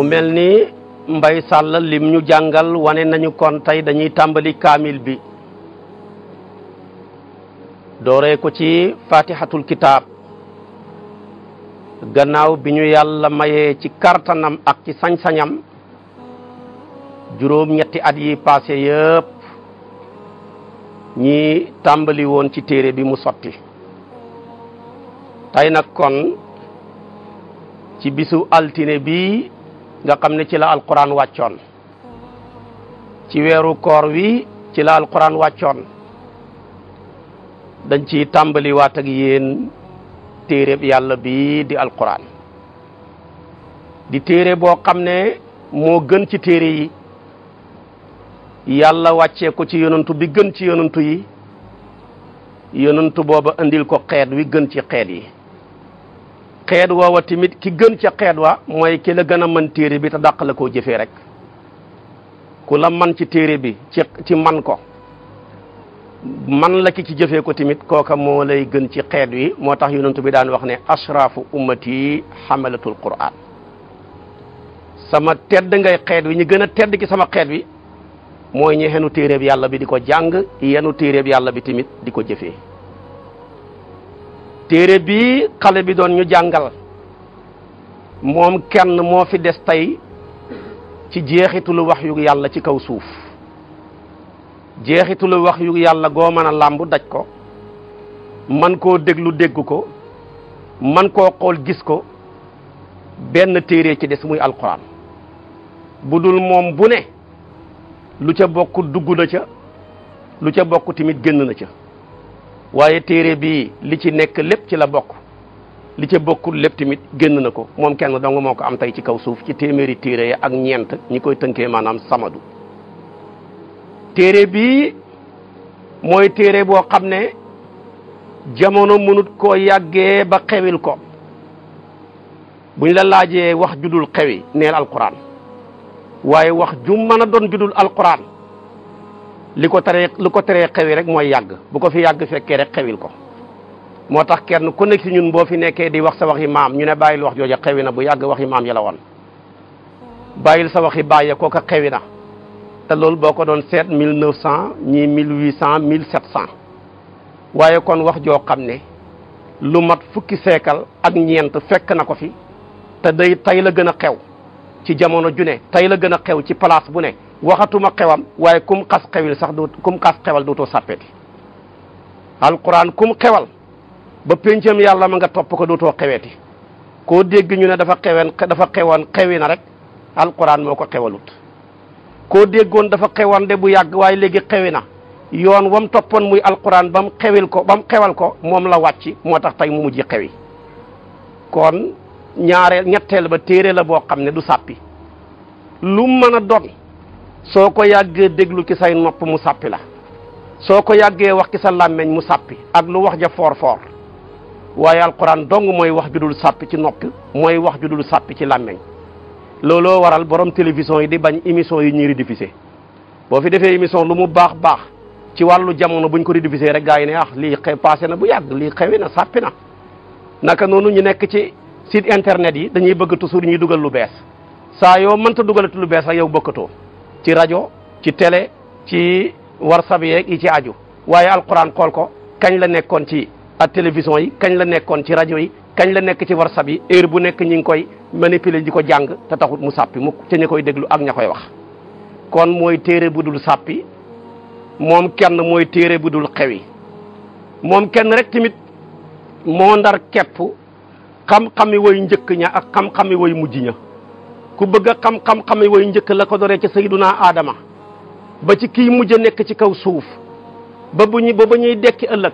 mu melni ni mbay sall lim ñu jàngal wane nañu kon tay dañuy tambali kamil bi dooree ko ci fatihatul kitab gannaaw bi ñu yàlla mayee ci kartanam ak ci sañ-sañam juroom ñetti at yi passé yépp ñi tambali woon ci téré bi mu sotti tay nak kon ci bisu altine bi nga xam ne ci la alquran wàccoon ci weeru koor wi ci la alquran wàccoon dañ ci tàmbali waat ak yéen téere yàlla bi di alquran di téere boo xam ne moo gën ci téere yi yàlla wàccee ko ci yonantu bi gën ci yonantu yi yonantu booba indil ko xeet wi gën ci xeet yi wa wa timit, ki gën ca xeet wa mooy ki la gën a mën téere bi te dàq la koo jëfee rek ku la man ci téere bi ci ci man ko man la ki ci jëfee ko timit kooka moo lay gën ci wi moo tax bi daan wax ne asrafu ummati xamalatul quran sama tedd ngay nyegana wi ñi gën tedd ki sama xeet wi mooy ñu xenu téeréeb yàlla bi di ko jàng yenu téeréeb yàlla bi timit di ko jëfee téere bi xale bi doon ñu jàngal moom kenn moo fi des tey ci jeexitulu wax yu yàlla ci kaw suuf jeexitulu wax yu yàlla goo mën a làmb daj ko man koo déglu dégg ko man koo xool gis ko benn téere ci des muy alquran bu dul moom bu ne lu ca bokk dugg na ca lu ca bokk tamit génn na ca waaye téere bi li ci nekk lépp ci la bokk li ca bokkul lépp tamit génn na ko moom kenn dong moo ko am tey ci kaw suuf ci téeméeri téere ya ak ñeent ñi koy tënkee maanaam samadu téere bi mooy téere boo xam ne jamono mënut koo yàggee ba xewil ko buñ la laajee wax judul xewi neel alquran waaye wax ju mën a doon judul alquran li ko teree lu ko teree xewi rek mooy yàgg bu ko fi yàgg fekkee rek xewil ko moo tax kenn ku nekk si ñun boo fi nekkee di wax sa waxi maam ñu ne bàyyil wax jooja xewi na bu yàgg waxi maam ya la woon bàyyil sa waxi bàyye kooka xewi na te loolu boo ko doon seet mille neuf cent ñii mille huit cent mille sept cent waaye kon wax joo xam ne lu mat fukki seekal ak ñeent fekk na ko fi te day tey la gën a xew ci jamono ju ne tey la gën a xew ci place bu ne waxatuma xewam waaye kum xas xewil sax du kum xas xewal dootoo sàppeeti alquran kum xewal ba péncam yàlla ma nga topp ko dootoo xeweeti koo dégg ñu ne dafa xewen dafa xewoon xewi na rek alquran moo ko xewalut koo déggoon dafa xewoon de bu yàgg waaye léegi xewi na yoon mu toppoon muy ba mu xewil ko ba mu xewal ko moom la wàcc moo tax tey mu mujj xewi kon ñaareel ñetteel ba téere la boo xam ne du sàppi lu mën a doon soo ko yàggee déglu ci say nopp mu sàppi la soo ko yàggee wax ci sa làmmeñ mu sàppi ak lu wax ja foor foor waaye alquran dong mooy wax ju dul sàppi ci nopp mooy wax ju dul sàppi ci làmmeñ looloo waral borom télévision yi di bañ émission yi ñuy rediffusé boo fi defee émission lu mu baax baax ci wàllu jamono buñ ko rediffusé rek gaa yi ne ah lii xew passé na bu yàgg lii xewi na sàppi na naka noonu ñu nekk ci site internet yi dañuy bëgg toujours ñuy dugal lu bees saa yoo mënta dugalati lu bees rek yow bokkatoo ci rajo ci télé ci warsab yeeg yi ci aju waaye alquran xool ko kañ la nekkoon ci ak télévision yi kañ la nekkoon ci rajo yi kañ la nekk ci warsab yi heure bu nekk ñi ngi koy manipuler di ko jàng te taxut mu sàppi mukk ca ña koy déglu ak ña koy wax kon mooy téere bu dul sappi moom kenn mooy téere bu dul xewi moom kenn rek tamit moo ndar kepp xam-xami way njëkk ña ak xam-xami way mujj ña ku bëgg a xam-xam-xame way njëkk la ko doree ca sayduna aadama ba ci kii mujj a nekk ci kaw suuf ba bu ñu ba ba ñuy dekki ëllëg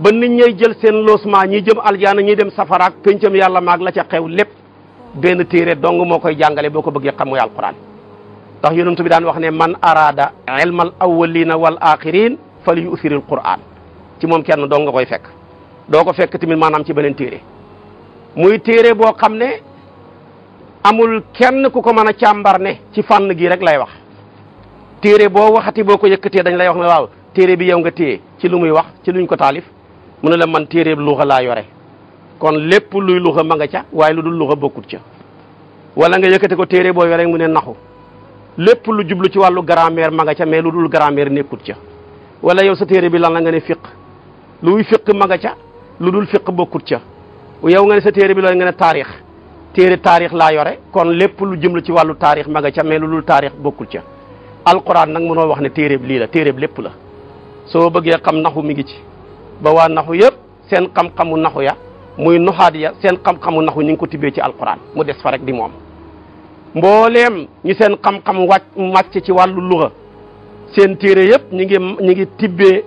ba nit ñay jël seen loosement ñi jëm aljaana ñi dem safaraak pencam yàlla maag la ca xew lépp benn téere dong moo koy jàngale boo ko bëggee xam muy alquran ndax yonent bi daan wax ne man araada ilmal awwalina wal axirin fal yusiril quran ci moom kenn dong koy fekk doo ko fekk tamit maanaam ci beneen téere muy téere amul kenn ku ko mën a càmbar ne ci fànn gii rek lay wax téere boo waxati boo ko yëkkatee dañ lay wax ne waaw téere bi yow nga téye ci lu muy wax ci luñ ko taalif mu ne la man téere bi luxa laa yore kon lépp luy luxa ma nga ca waaye lu dul luxa bokkut ca wala nga yëkkate ko téere boo yore mu ne naxu lépp lu jublu ci wàllu grammaire ma nga ca mais lu dul grammaire nekkut ca wala yow sa téere bi lan la nga ne fiq luy fiq ma nga ca lu dul fiq bokkut ca yow nga ne sa téere bi lan nga ne taarix téré tarikh la yoré kon lépp lu jëm tarikh ci walu tarikh ma nga ca mais lu dul taarix ca alquran nak mëno wax né téeréb li la téeréb lépp la so bëggé xam naxu mi ngi ci ba wa naxu yépp sen xam-xamu naxu ya muy nuhad ya sen xam-xamu naxu ñu ngi ko tibé ci alquran mu dess fa rek di mom mbolém ñu sen xam-xam wacc macc ci walu lugha sen téré yépp ñi ngi ñi ngi tibé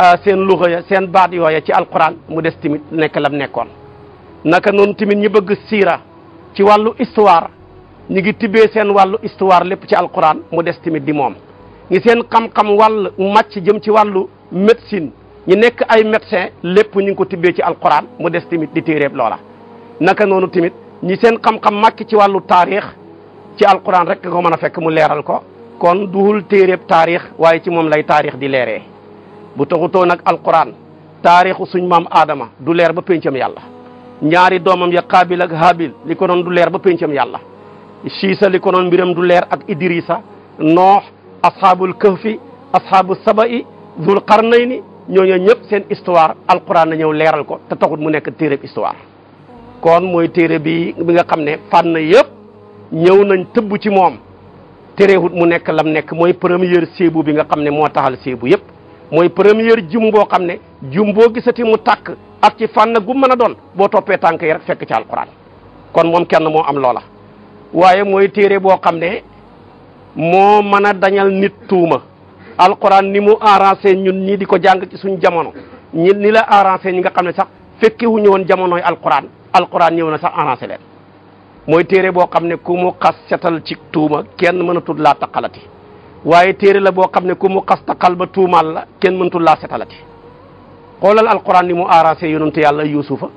euh, sen lugha ya sen baat yooya ci alquran mu dess timit nek lam nekkon naka non timit ñi bëgg sirah ci wàllu histoire ñu ngi tibbee seen wàllu histoire lépp ci alquran mu des tamit di moom ñi seen xam-xam wàll màcc jëm ci wàllu médecine ñi nekk ay médecin lépp ñu ngi ko tibbee ci alquran mu des tamit di téeréeb loola naka noonu tamit ñi seen xam-xam màcc ci wàllu taarix ci alquran rek nga ko mën a fekk mu leeral ko kon duhul téeréeb taarix waaye ci moom lay taarix di leeree bu taxutoo nag alquran taarixu suñ maam aadama du leer ba péncam yàlla ñaari doomam ya Qaabil ak Haabil li ko doon du leer ba pencam yàlla Siisa li ko mbiram du leer ak Idrisa Noox ashaabul kahfi ashaabu saba'i Dul Qarnayni ñooñu ñëpp seen histoire alquran na ñëw leeral ko te taxut mu nekk téereb histoire kon mooy téere bi bi nga xam ne fànn yëpp ñëw nañ tëbb ci moom téerewut mu nekk lam nekk mooy première séebu bi nga xam ne moo taxal séebu yëpp mooy première jum boo xam ne jum boo gisati mu takk ak ci fànn gu mën a doon boo toppee tànk yi rek fekk ci alquran kon moom kenn moo am loola waaye mooy téere boo xam ne moo mën a dañal nit tuuma alquran ni mu arrangé ñun ñii di ko jàng ci suñu jamono ñi ni la arrangé ñi nga xam ne sax fekki wu ñu woon jamonoy alquran alquran ñëw na sax arrangé leen mooy téere boo xam ne ku mu xas setal ci tuuma kenn mënatul laa taqalati waaye téere la boo xam ne ku mu xas taqal ba tuumaal la kenn mënatul laa setalati xoolal alquran ni mu arrasé yonent yàlla yusufa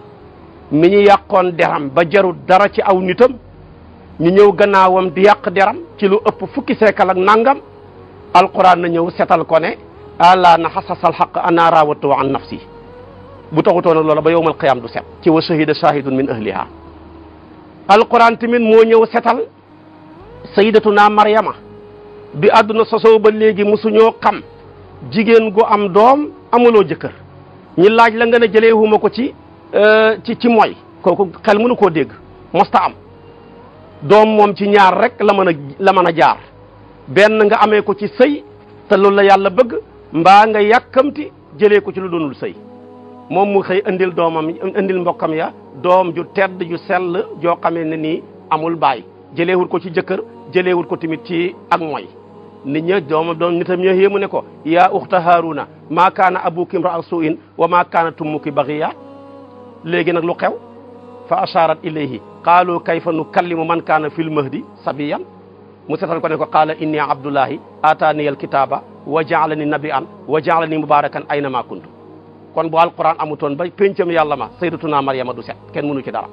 mi ñu yàqoon deram ba jarul dara ci aw nitam ñu ñëw gannaawam di yàq deram ci lu ëpp fukki seekal ak nangam alquran na ñëw setal ko ne ala na xasasal xaq ana raawatu an nafsi bu taxutoon ak loola ba yowmal qiyaam du set ci wa shahida shahidun min ahliha alquran tamit moo ñëw setal naa maryama bi àdduna sosoo ba léegi musuñoo xam jigéen gu am doom amuloo jëkkër ñi laaj la nga ne jëlee wuma ko ci euh, ci ci mooy kooku xel mënu koo dégg mosta am doom moom ci ñaar rek la mën a mën a jaar benn nga amee ko ci sëy te loolu la yàlla bëgg mbaa nga yàkkamti jëlee ko ci lu doonul sëy moom mu xëy indil doomam indil mbokkam ya doom ju tedd ju sell joo xamee ne ni amul baay jëleewul ko ci jëkkër jëleewul ko tamit ci ak mooy nit ña doomam doom nitam ña yéemu ne ko yaa uxta na ما كان أبوك امرأ سوء وما كانت أمك بغية لجي نك لو فأشارت إليه قالوا كيف نكلم من كان في المهدي صبيا مسترن كو قال إني عبد الله آتاني الكتاب وجعلني نبيا وجعلني مباركا أينما كنت كون بو القرآن أموتون باي بنتم يالا ما سيدتنا مريم دوسا كين مونو دارا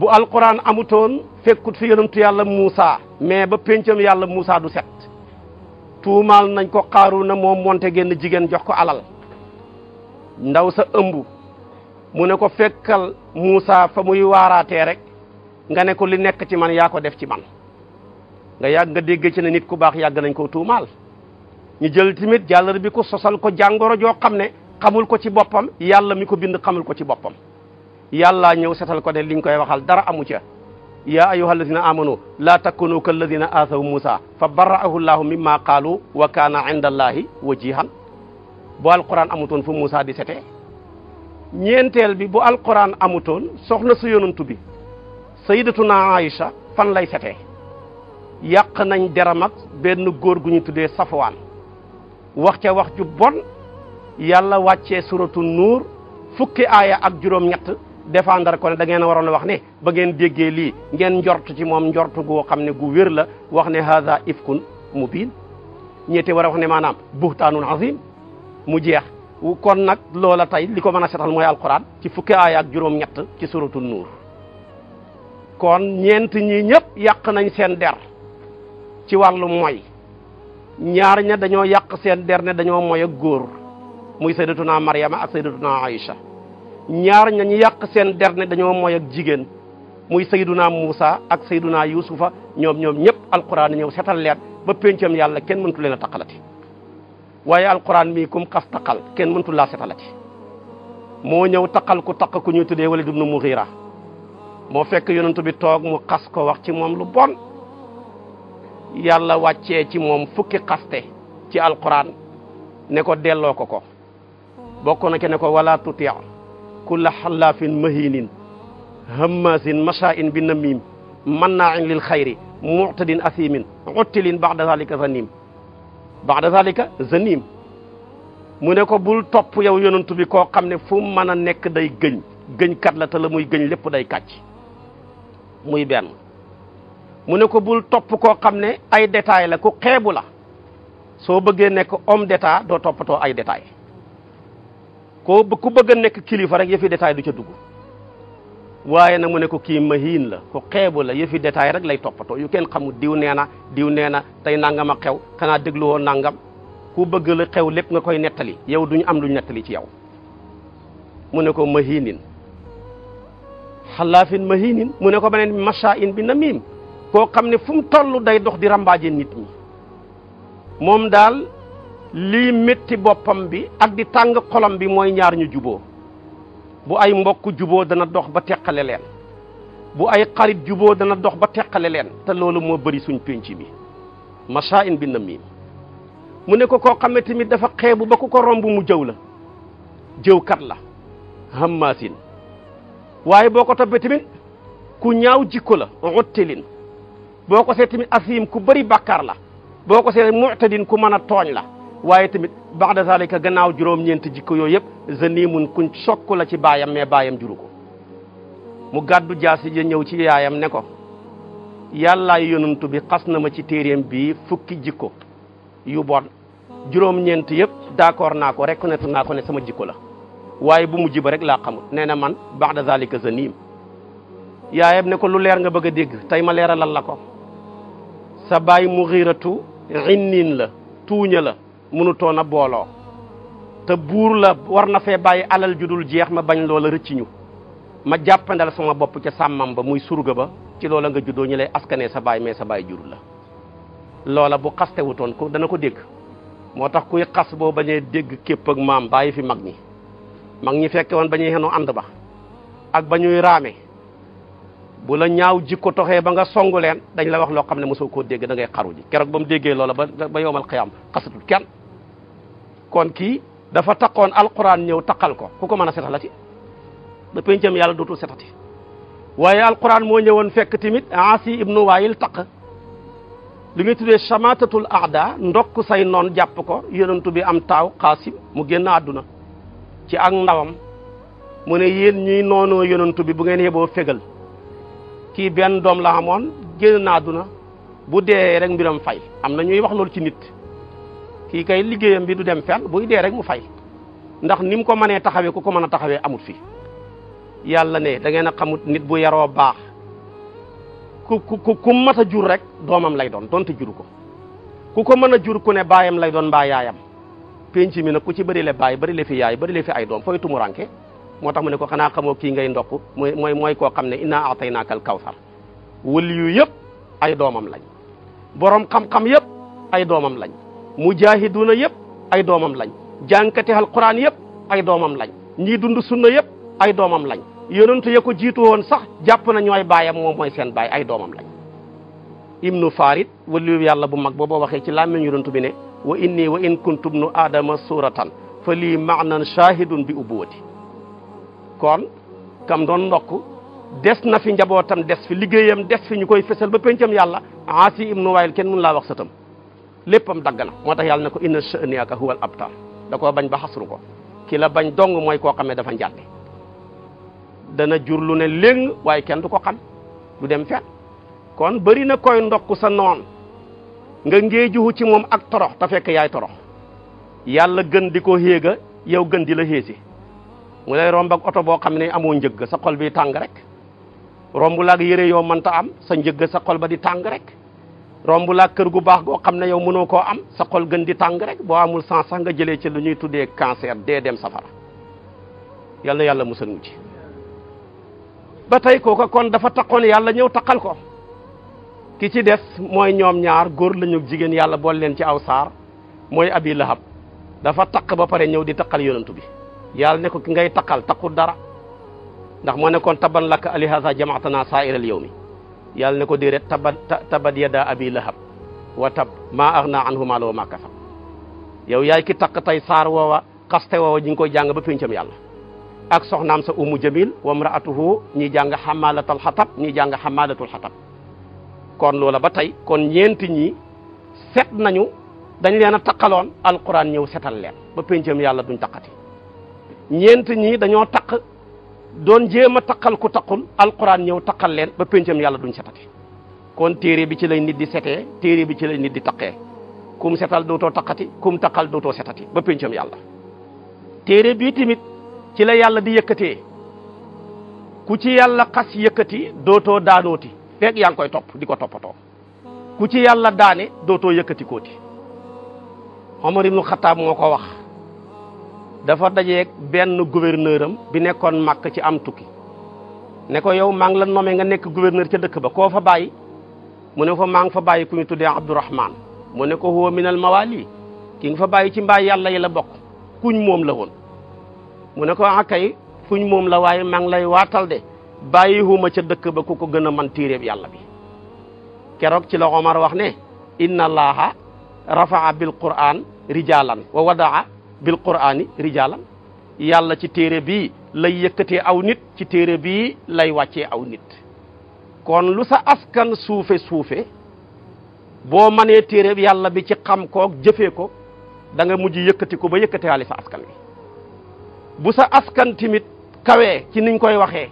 بو القرآن أموتون فيكوت في يونتو يالا موسى مي با بنتم يالا موسى دوسا tuumaal nañ ko Qaaruuna moom monte genn jigéen jox ko alal ndaw sa ëmb mu ne ko fekkal Muusa fa muy waaraatee rek nga ne ko li nekk ci man yaa ko def ci man nga yàgg nga dégg ci ne nit ku baax yàgg nañ ko tuumaal ñu jël tamit jàllar bi ko sosal ko jàngoro joo xam ne xamul ko ci boppam yàlla mi ko bind xamul ko ci boppam yàlla ñëw setal ko de liñ koy waxal dara amu ca يا أيها الذين آمنوا لا تكونوا كالذين آثوا موسى فبرعه الله مما قالوا وكان عند الله وجيها بو القرآن أموتون في موسى دي سته نينتل بي بو القرآن أموتون سخنا سيونن تبي سيدتنا عائشة فان لاي سته يقنن درمك بين غور بني تدي صفوان وقت وقت جبون يالا واتشي سورة النور فكي آية أكجروم نيات défendre ko ne da ngeen waroon wax ne ba ngeen déggé li ngeen njort ci mom njort gu wër la wax ne hadha ifkun mubin ñété wara wax ne manam buhtanun azim mu jeex kon nak lola tay liko mëna mën moy alquran ci fukki ak ñett ci suratul nur kon ñent ñi ñep yàq nañ seen der ci walu moy ñaar ña dañoo yàq seen der ne dañoo moy ak goor muy sayyidatuna maryama ak sayyidatuna aisha ñaar ñañu yàq seen der ne dañoo mooy ak jigéen muy sayduna Muusa ak sayduna Yuusufa ñoom ñoom ñëpp alquran ñëw setal leen ba péncam yàlla kenn mëntu leen a taqalati waaye alquran mii kum kas taqal kenn mëntu laa setalati moo ñëw taqal ku taq ku ñuy tuddee wala dum mu xiira moo fekk yonentu bi toog mu xas ko wax ci moom lu bon yàlla wàccee ci moom fukki xaste ci alquran ne ko delloo ko ko bokk na ne ko wala tutia كل حلاف مهين هماز مشاء بالنميم مناع للخير معتد أثيم عتل بعد ذلك ذنيم بعد ذلك ذنيم mu ne ko bul topp yow yonantu bi koo xam ne fu mu mën a nekk day gëñ gëñkat la te la muy gëñ lépp day kàcc muy benn mu ne ko bul topp koo xam ne ay détail la ku xeebu la soo bëggee nekk homme d'état doo toppatoo ay détail ko ku bëgg a nekk kilifa rek yëfi détail du ca dugg waaye nag mu ne ko kii mahiin la ko xeebu la yëfi détail rek lay toppatoo yu kenn xamul diw nee na diw nee na tey nangam a xew xanaa dégluwoo nangam ku bëgg la xew lépp nga koy nettali yow duñu am luñ nettali ci yow mu ne ko mahiinin xalaafin mahiinin mu ne ko beneen macha in bi namim koo xam ne fu mu toll day dox di rambaaje nit ñi moom daal lii métti boppam bi ak di tàng xolam bi mooy ñaar ñu juboo bu ay mbokk juboo dana dox ba teqale leen bu ay xarit juboo dana dox ba teqale leen te loolu moo bëri suñ pénc bi masaa in bi na mu ne ko koo xam ne dafa xeebu ba ku ko romb mu jëw la jëwkat la hammaasin waaye boo ko toppee tamit ku ñaaw jikko la xottilin boo ko see tamit asiim ku bari bàkkaar la boo ko see din ku mën a tooñ la waaye tamit baxda zalika gannaaw juróom-ñeenti jikko yooyu yëpp zanimun kuñ sokk la ci baayam mais baayam juru ko mu gàddu jaasi ja ñëw ci yaayam ne ko yàllaay yonantu bi xas na ma ci téeréem bi fukki jikko yu bon juróom-ñeent yëpp d'accord naa ko reconnaître naa ko ne sama jikko la waaye bu mujj ba rek laa xamul nee na man baxda zalika zanim yaayam ne ko lu leer nga bëgg a dégg tey ma leeralal la ko sa baay mu xiiratu xinniin la tuuña la mënutoon a booloo te buur la war na fee bàyyi alal ju jeex ma bañ loola rëcc ñu ma jàppandal sama bopp ca sàmmam ba muy surga ba ci loola nga juddoo ñu lay askanee sa baay mais sa baay jur la loola bu xastewutoon ko dana ko dégg moo tax kuy xas boo bañee dégg képp ak maam bàyyi fi mag ñi mag ñi fekke woon ba ñuy xenu ba ak ba ñuy raame bu la ñaaw jikko toxee ba nga songu leen dañ la wax loo xam ne mosoo koo dégg da ngay xaru ji keroog ba mu déggee loola ba ba yowmal xiyaam xasatul kenn kon kii dafa taqoon alxuraan ñëw taqal ko ku ko mën a setalati ba pencam yàlla dootul setati waaye alquran moo ñëwoon fekk tamit Aasi ibnu Waayil taq li ngay tuddee chamatatul aada ndokk say noon jàpp ko yonentu bi am taaw xaasim mu génn àdduna ci ak ndawam mu ne yéen ñuy noonoo yonentu bi bu ngeen yeboo fegal kii benn doom la amoon génn na bu dee rek mbiram fay am na ñuy wax loolu ci nit kii kay liggéeyam bi du dem fenn buy dee rek mu fay ndax ni mu ko mënee taxawee ku ko mën a taxawee amut fi yàlla ne da ngeen a xamut nit bu yaroo baax ku ku ku mat a jur rek doomam lay doon donte juru ko ku ko mën a jur ku ne baayam lay doon mbaa yaayam penc mi nag ku ci bari le baay bari le fi yaay bëri le fi ay doom fooy tumuranke moo tax mu ne ko xanaa xamoo kii ngay ndokk mooy mooy mooy koo xam ne innaa ataynaaka al kawsar wëli yu yëpp ay doomam lañ borom xam-xam yëpp ay doomam lañ mujaahiduuna yëpp ay doomam lañ jànkati alquran yëpp ay doomam lañ ñii dund sunna yëpp ay doomam lañ yonentu ya ko jiitu woon sax jàpp na ñooy baayam moom mooy seen baay ay doomam lañ ibnu farid waliyu yàlla bu mag boo waxee ci làmmiñ yonentu bi ne wa inni wa in kuntu ibnu aadama suratan fa lii maanan shahidun bi ubuwati kon kam doon ndokk des na fi njabootam des fi liggéeyam des fi ñu koy fesal ba pencam yàlla Aasi nu Waayil kenn mun laa wax sëtam léppam dagg na moo tax yàlla na ko inna sha'niyaka huwal abtar da koo bañ ba xasru ko ki la bañ dong mooy koo xamee dafa njàddi dana jur lu ne léng waaye kenn du ko xam du dem fenn kon bëri na koy ndokk sa noon nga ngeejuhu ci moom ak torox te fekk yaay torox yàlla gën di ko héega yow gën di la héesi mulai lay romb ak auto boo xam ne amoo njëgg sa xol bi tàng rek romb laag yére yoo mënta am sa njëgg sa xol ba di tàng rek romb laag kër gu baax goo xam yow mënoo koo am sa xol gën di tàng rek boo amul sans sax nga jëlee ci lu ñuy tuddee cancer dee dem safara yàlla yàlla musal mu ci ba tey kooka kon dafa taxoon yàlla ñëw taxal ko ki ci des mooy ñoom ñaar góor lañu jigéen yàlla bool leen ci aw saar abi lahab dafa taq ba pare ñëw di taxal yonantu bi yàlla ne ko ki ngay takal takku dara ndax mo ne kon taban lak ali jama'atna jamaatana al yawmi yàlla ne ko dire tabat tabat yada abi lahab wa tab ma aghna anhu ma wa ma kasab yow yaay ki tak tay sar woowa wa woowa ñu jing ko jang ba yalla ak soxnam sa umu jamil wa mraatuhu ni jàng xamaalatal xatab ni jàng xamaalatul hatab kon lola ba tay kon ñent ñi set nañu dañ leena takalon alquran ñew setal leen ba péncam yalla duñ takati ñeent ñi dañoo taq doon jéem a taqal ku taqul alquran ñëw taqal leen ba péncam yàlla duñ setati kon téere bi ci lay nit di sete téere bi ci lay nit di taqee kum setal dootoo taqati kum taqal dootoo setati ba péncam yàlla téere bii tamit ci la yàlla di yëkkatee ku ci yàlla xas yëkkati dootoo daanooti fekk yaa ngi koy topp di ko toppatoo ku ci yàlla daane dootoo yëkkati kooti Omar ibnu Xataab moo ko wax dafa dajeeg benn gouverneur am bi nekkoon màkk ci am tukki ne ko yow maa ngi la nommé nga nekk gouverneur ca dëkk ba koo fa bàyyi mu ne ko maa ngi fa bàyyi ku ñu tuddee Abdourahman mu ne ko huwa minal mawali ki nga fa bàyyi ci mbaay yàlla yi la bokk kuñ moom la woon mu ne ko ah kuñ moom la waaye maa ngi lay waatal de bàyyiwuma ca dëkk ba ku ko gën a man tiireeb yàlla bi keroog ci la Omar wax ne inna allaha rafaa bil quran rijalan wa wadaa bil qur'aani rijaalan yàlla ci téere bii lay yëkkatee aw nit ci téere bii lay wàccee aw nit kon lu sa askan suufe suufe boo manee téere yàlla bi ci xam koog jëfee ko da mujj yëkkati ko ba yëkkatewaale sa askan wi bu sa askan timit kawee ci niñ koy waxee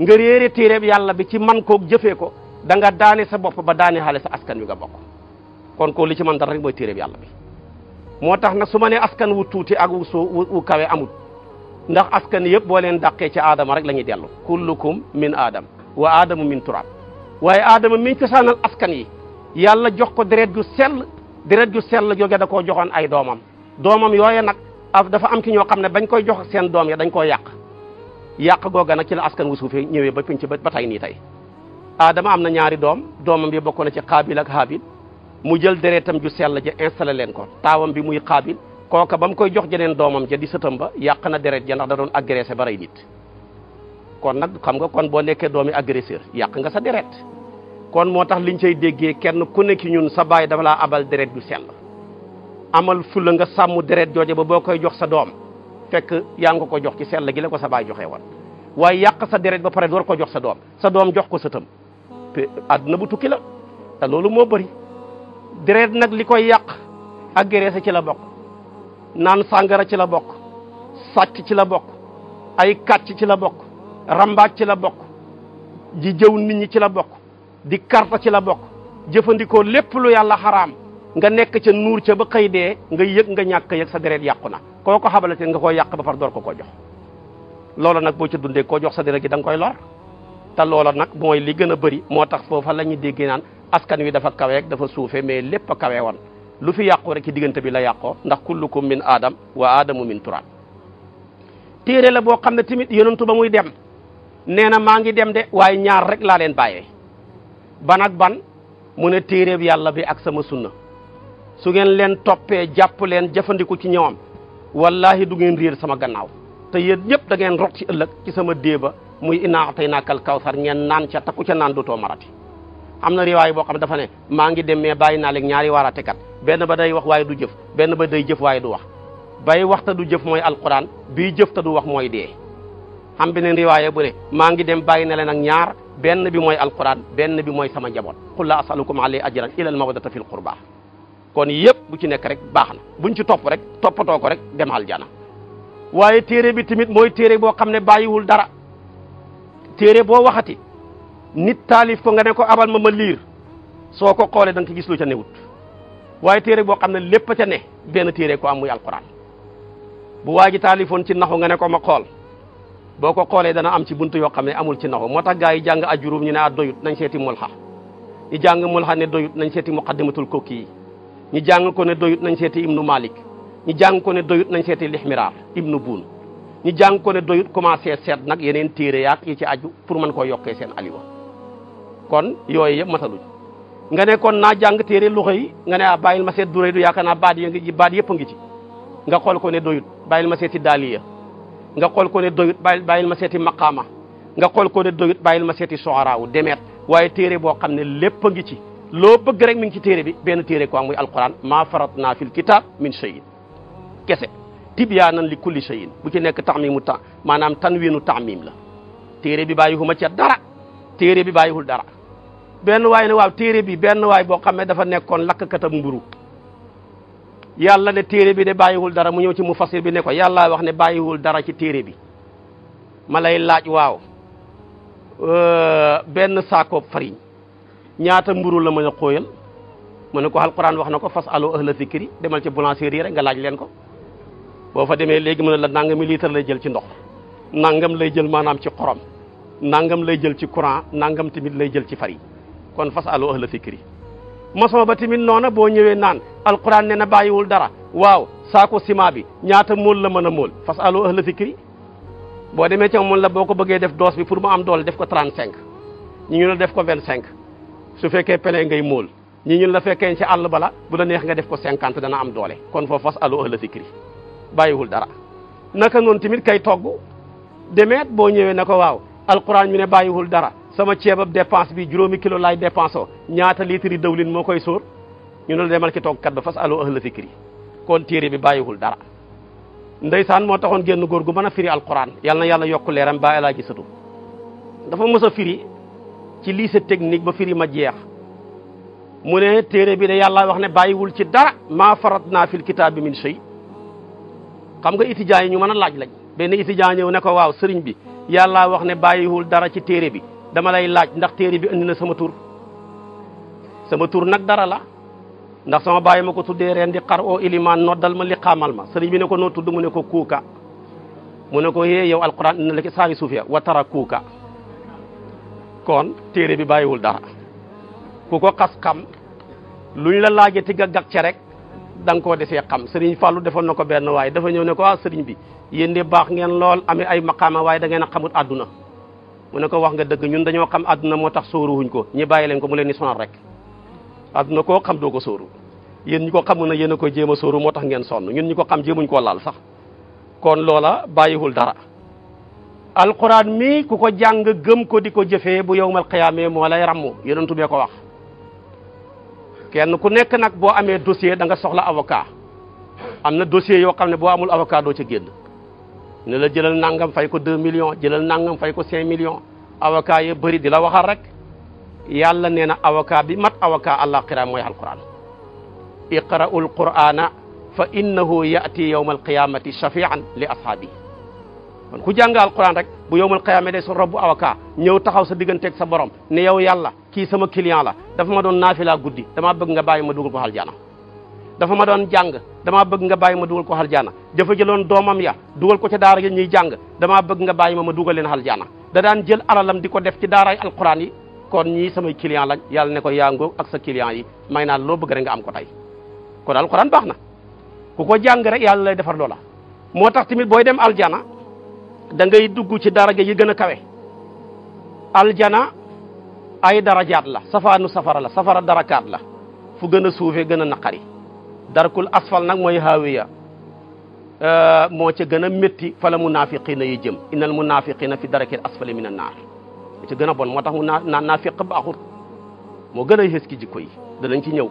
nga réere téere yàlla bi ci man koog jëfee ko danga nga daane sa bopp ba daane xaale sa askan wi nga bokk kon ko li ci man dara rek mooy téere yàlla bi moo tax nag su ma nee askan wu tuuti ak wu suu wu kawe amul ndax askan yëpp boo leen daqee ci aadama rek la ñuy dellu kullukum min aadam wa aadamu min turab waaye aadama miñ cosaanal askan yi yàlla jox ko deret gu sell deret gu sell joge da koo joxoon ay doomam doomam yooye nag af dafa am ci ñoo xam ne bañ koy jox seen doom ya dañ koo yàq yàq googa nag ci la askan wu suufee ñëwee ba pinc ba tey nii tey aadama am na ñaari doom doomam bi bokk na ci xaabil ak haabil mu jël deretam ju sell ja installé leen ko taawam bi muy xaabil kooka ba mu koy jox jeneen doomam ja di sëtam ba yàq na deret ja ndax da doon agressé ba rey nit kon nag xam nga kon boo nekkee doomi agresseur yàq nga sa deret kon moo tax liñ cay déggee kenn ku nekk ñun sa baay dafa laa abal deret ju sell amal fula nga sàmm deret jooje ba boo koy jox sa doom fekk yaa ngi ko jox ci sell gi la ko sa baay joxe woon waaye yàq sa deret ba pare door ko jox sa doom sa doom jox ko sëtam àdduna bu deret nag li koy yàq agressé ci la bokk naan sàngara ci la bokk sàcc ci la bokk ay kàcc ci la bokk rambaaj ci la bokk ji jëw nit ñi ci la bokk di karta ci la bokk jëfandikoo lépp lu yàlla xaraam nga nekk ca nuur ca ba xëy dee nga yëg nga ñàkk yëg sa deret yàqu na koo ko xabalate nga koy yàq ba par door ko koo jox loolu nag boo ca dundee koo jox sa deret gi da nga koy lor ta loola nag mooy li gën a bëri moo tax foofa la ñu naan askan wi dafa kaweek dafa suufe mais lépp a woon lu fi yàqu rek ci bi la yàqoo ndax kullukum min adam wa adamu min turab téere la boo xam ne tamit yonentu ba muy dem nee na ngi dem de waaye ñaar rek laa leen bàyyee ban ak ban mu ne téereeb yàlla bi ak sama sunna su ngeen leen toppee jàpp leen jëfandiku ci ñoom wallahi du ngeen réer sama gannaaw te yéen ñëpp da ngeen rot ci ëllëg ci sama déeba muy innaa ataynaaka al kawsar ngeen naan ca takku ca naan dootoo marati am na riwaay boo xam dafa ne maa ngi dem mais bàyyi naa leen ñaari waaraatekat benn ba day wax waaye du jëf benn ba day jëf waaye du wax bay wax te du jëf mooy alquran bii jëf ta du wax mooy dee am beneen riwaaya bu ne maa ngi dem bàyyi na leen ak ñaar benn bi mooy alquran benn bi mooy sama njaboot qul la asalukum alayhi ajran ila al mawaddata fil qurba kon yëpp bu ci nekk rek baax na buñ ci topp rek toppatoo ko rek dem aljana waaye téere ne bàyyiwul dara téré bo waxati nit talif ko nga ne ko abal ma ma lire soko xolé dang ci gis lu ca newut waye téré bo xam lepp ca ne ben téré ko am muy alquran bu waji talifon ci naxu nga ne ko ma xol boko xolé dana am ci buntu yo xam amul ci naxu motax gaay jang ajurum ñu ne a ah doyut nañ séti mulha. ñu jang mulha ne doyut nañ séti muqaddimatul kokki ñi jang ko ne doyut nañ séti ibnu malik ñi jang ko ne doyut nañ séti lixmiraar ibnu bun. ñu jàng ko ne doyut commencé seet nag yeneen téere yaak yi ci aju pour mën koo yokkee seen aliwa kon yooyu yëpp mataluñ nga ne kon naa jàng téere lu yi nga ne ah bàyyil ma seet du rëy du yaakaar naa baat yi ngi ci baat yëpp ngi ci nga xool ko ne doyut bàyyil ma seeti daaliya nga xool ko ne doyut bàyyil ma seeti maqaama nga xool ko ne doyut bàyyil ma seeti soxaraawu demeet waaye téere boo xam ne lépp a ngi ci loo bëgg rek mu ngi ci téere bi benn téere ko am muy maa farat naa fil kitab min shay'in kese tibyaanan li kulli shay'in bu ci nekk taxmimu ta maanaam tanwiinu taxmim la téere bi bàyyiwuma ca dara téere bi bàyyiwul dara benn waay ne waaw téere bi benn waay boo xam ne dafa nekkoon lakkkatam mburu yàlla ne téere bi de bàyyiwul dara mu ñëw ci mu fasir bi nekko ko yàlla wax ne bàyyiwul dara ci téere bi ma lay laaj waaw euh, benn saakoob fariñ ñaata mburu la mën a xóoyal mu ne ko alquran wax na ko fas alo ahla zikri demal ci boulangerie rek nga laaj leen ko boo fa demee léegi mu ne la nangami lay jël ci ndox nangam lay jël maanaam ci xorom nangam lay jël ci courant nangam tamit lay jël ci fari kon fas alu ahla fikri maçon ba tamit noona boo ñëwee naan alquran ne na bàyyiwul dara waaw saako ciment bi ñaata mool la mën a mool fas aloo ahla fikri boo demee ca moom la boo ko bëggee def doos bi pour mu am doole def ko 35 ñu ngi la def ko cinq su fekkee pele ngay mool ñi ñu la fekkee ci àll bala bu la neex nga def ko 50 dana am doole kon foofu fas alu ahla bayiwul dara naka noonu tamit kay togg demeet boo ñëwee ne ko waaw alquran ñu ne bayiwul dara sama ceebab dépense bi juróomi kilo laay dépensé oo ñaata litre yi dawlin moo koy sóor ñu ne demal ki toggkat ba fas aloo ahla fikri kon téere bi bayiwul dara ndeysaan moo taxoon génn góor gu mën a firi alquran yàlla na yàlla yokk leeram baa laa gisatu dafa mës a firi ci lycée technique ba firi ma jeex mu ne téere bi de yàlla wax ne bàyyiwul ci dara maa farat naa fil kitaab min shay xam nga étudiants yi ñu mën a laaj lañ benn étudiant ñëw ne ko waaw sëriñ bi yàlla wax ne bàyyiwul dara ci téere bi dama lay laaj ndax téere bi indi na sama tur sama tur nag dara la ndax sama bàyyi ma ko tuddee reen di xar oo oh, ilimaan noddal ma li xaamal ma sëriñ bi ne ko noo tudd mu ne ko kuuka mu ne ko yee yow alquran ina la ki saari suufiya wa tara kuuka kon téere bi bàyyiwul dara ku ko xas xam luñ la laajati nga gàcce rek da nga koo desee xam sëriñ Fallou defoon na ko benn waaye dafa ñëw ne ko ah sëriñ bi yéen de baax ngeen lool amee ay maqaama waaye da ngeen a xamut àdduna mu ne ko wax nga dëgg ñun dañoo xam àdduna moo tax sóoruwuñ ko ñi bàyyi leen ko mu leen ni sonal rek àdduna koo xam doo ko sóoru yéen ñi ko xamu na yéen a koy jéem sóoru moo tax ngeen sonn ñun ñu ko xam jéemuñ ko laal sax kon loola bàyyiwul dara alquran mi ku ko jàng gëm ko di ko jëfee bu yowmal qiyaamee moo lay ràmmu yonentu bee ko wax kenn ku nekk nag boo amee dossier da nga soxla avocat am na dossier yoo xam ne boo amul avocat doo ci génn ne la jëlal nangam fay ko 2 million jëlal nangam fay ko cin millions avocat yi bëri di la waxal rek yàlla nee na avocat bi mat avocat àllaaxira mooy alquran iqra'ul qur'ana fa innahu ya'ti yawma alqiyamati shafi'an li ashaabi ku jàng alquran rek bu yawmal qiyaama day so robbu ñëw taxaw sa digganteeg sa borom ne yow yàlla ki sama client la dafa ma don nafila guddi dama bëgg nga bayima ma ko haljana, dafa ma don jang dama bëgg nga bayima ma dugal ko aljana dafa jëloon domam ya dugal ko ci daara ya ñuy jang dama bëgg nga bayima ma ma len haljana da daan jël alalam di def ci daara alquran yi kon ñi sama client lañ yalla ne ko ya ngoog ak sa client yi mayna lo bëgg rek nga am ko tey kon alquran baxna ku ko jang rek yalla lay defar lola motax timit boy dem aljana da ngay dugg ci daraja yi gëna kawé kawe aljana ay darajaat la safaanu safara la safara darakaat la fu gën a suufee gën a naqari darkul asfal nag mooy haawiya euh, moo ca gën a métti fa la munaafiqiina yi jëm innal munaafiqiina fi darakil asfali min an naar moo ca gën a bon moo tax mu naa naafiq baaxut moo gën a xës ki jikko yi danañ ci ñëw